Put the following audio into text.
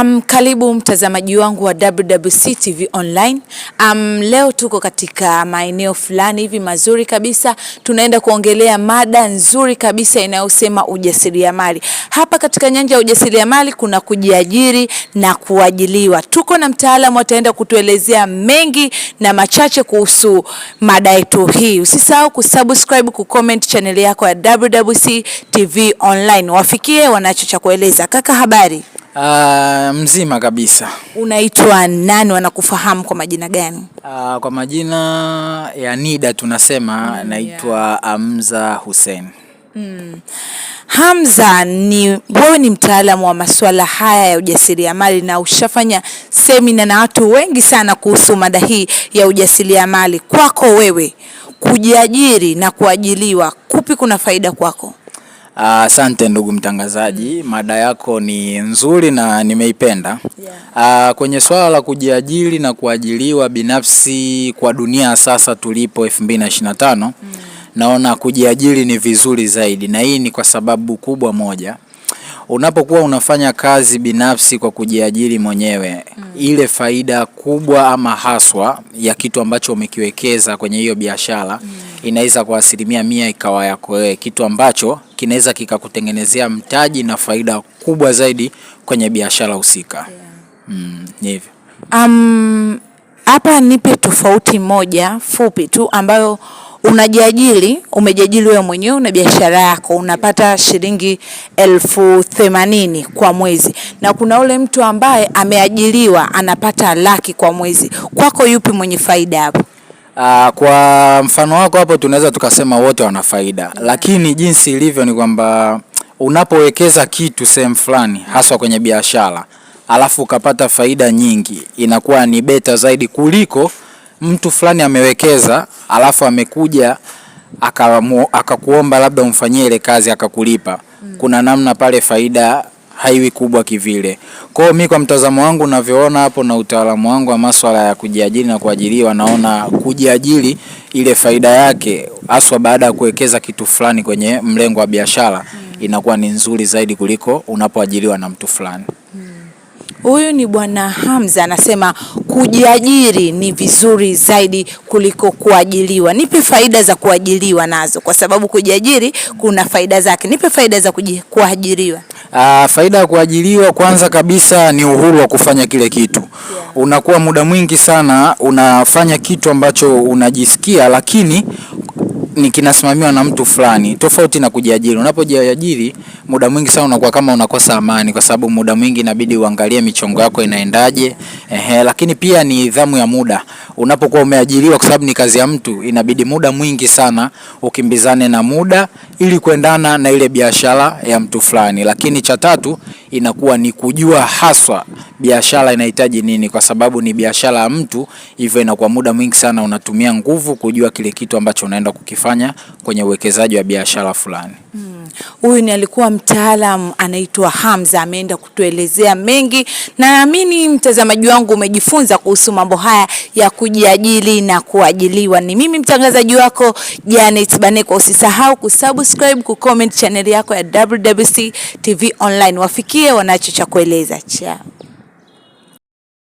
Um, karibu mtazamaji wangu wa WWC TV online. Um, leo tuko katika maeneo fulani hivi mazuri kabisa, tunaenda kuongelea mada nzuri kabisa inayosema ujasiriamali. Hapa katika nyanja ya ujasiriamali kuna kujiajiri na kuajiliwa. Tuko na mtaalamu ataenda kutuelezea mengi na machache kuhusu mada yetu hii. Usisahau kusubscribe, kucomment channel yako ya WWC TV online, wafikie wanacho cha kueleza. Kaka, habari? Uh, mzima kabisa. Unaitwa nani? Wanakufahamu kwa majina gani? Uh, kwa majina ya nida tunasema mm, naitwa yeah. Hamza Hussein. Mm. Hamza, ni wewe ni mtaalamu wa masuala haya ya ujasiriamali na ushafanya semina na watu wengi sana kuhusu mada hii ya ujasiriamali. Kwako wewe kujiajiri na kuajiliwa kupi kuna faida kwako? Asante uh, ndugu mtangazaji, mada yako ni nzuri na nimeipenda. Yeah. Uh, kwenye swala la kujiajiri na kuajiliwa binafsi kwa dunia sasa tulipo 2025 mm. Naona kujiajiri ni vizuri zaidi, na hii ni kwa sababu kubwa moja. Unapokuwa unafanya kazi binafsi kwa kujiajiri mwenyewe mm. Ile faida kubwa ama haswa ya kitu ambacho umekiwekeza kwenye hiyo biashara mm inaweza kwa asilimia mia ikawa yako wewe, kitu ambacho kinaweza kikakutengenezea mtaji na faida kubwa zaidi kwenye biashara husika. Yeah. Mm, ni hivyo. Um, hapa nipe tofauti moja fupi tu ambayo unajiajiri, umejiajiri wewe mwenyewe na biashara yako, unapata shilingi elfu themanini kwa mwezi, na kuna ule mtu ambaye ameajiriwa anapata laki kwa mwezi. Kwako yupi mwenye faida hapo? Uh, kwa mfano wako hapo tunaweza tukasema wote wana faida, lakini jinsi ilivyo ni kwamba unapowekeza kitu sehemu fulani, haswa kwenye biashara, alafu ukapata faida nyingi, inakuwa ni beta zaidi kuliko mtu fulani amewekeza, alafu amekuja akakuomba labda umfanyie ile kazi akakulipa. Kuna namna pale faida haiwi kubwa kivile. Kwa hiyo mi kwa mtazamo wangu unavyoona hapo na utaalamu wangu wa masuala ya kujiajiri na kuajiriwa, naona kujiajiri ile faida yake haswa baada ya kuwekeza kitu fulani kwenye mlengo wa biashara hmm, inakuwa ni nzuri zaidi kuliko unapoajiriwa na mtu fulani. Huyu ni Bwana Hamza anasema kujiajiri ni vizuri zaidi kuliko kuajiliwa. Nipe faida za kuajiliwa nazo, kwa sababu kujiajiri kuna faida zake. Nipe faida za kuajiriwa. Aa, ah, faida ya kuajiliwa kwanza kabisa ni uhuru wa kufanya kile kitu. Unakuwa muda mwingi sana unafanya kitu ambacho unajisikia, lakini ni kinasimamiwa na mtu fulani, tofauti na kujiajiri. Unapojiajiri muda mwingi sana unakuwa kama unakosa amani, kwa sababu muda mwingi inabidi uangalie michongo yako inaendaje. Ehe, lakini pia ni nidhamu ya muda unapokuwa umeajiriwa, kwa sababu ni kazi ya mtu, inabidi muda mwingi sana ukimbizane na muda ili kuendana na ile biashara ya mtu fulani. Lakini cha tatu inakuwa ni kujua haswa biashara inahitaji nini, kwa sababu ni biashara ya mtu, hivyo inakuwa muda mwingi sana unatumia nguvu kujua kile kitu ambacho unaenda kukifanya kwenye uwekezaji wa biashara fulani. Huyu ni alikuwa mtaalam anaitwa Hamza, ameenda kutuelezea mengi, na naamini mtazamaji wangu umejifunza kuhusu mambo haya ya kujiajili na kuajiliwa. Ni mimi mtangazaji wako Janet Baneko. Usisahau kusubscribe, kucomment chaneli yako ya WWC TV Online, wafikie wanacho cha kueleza chao.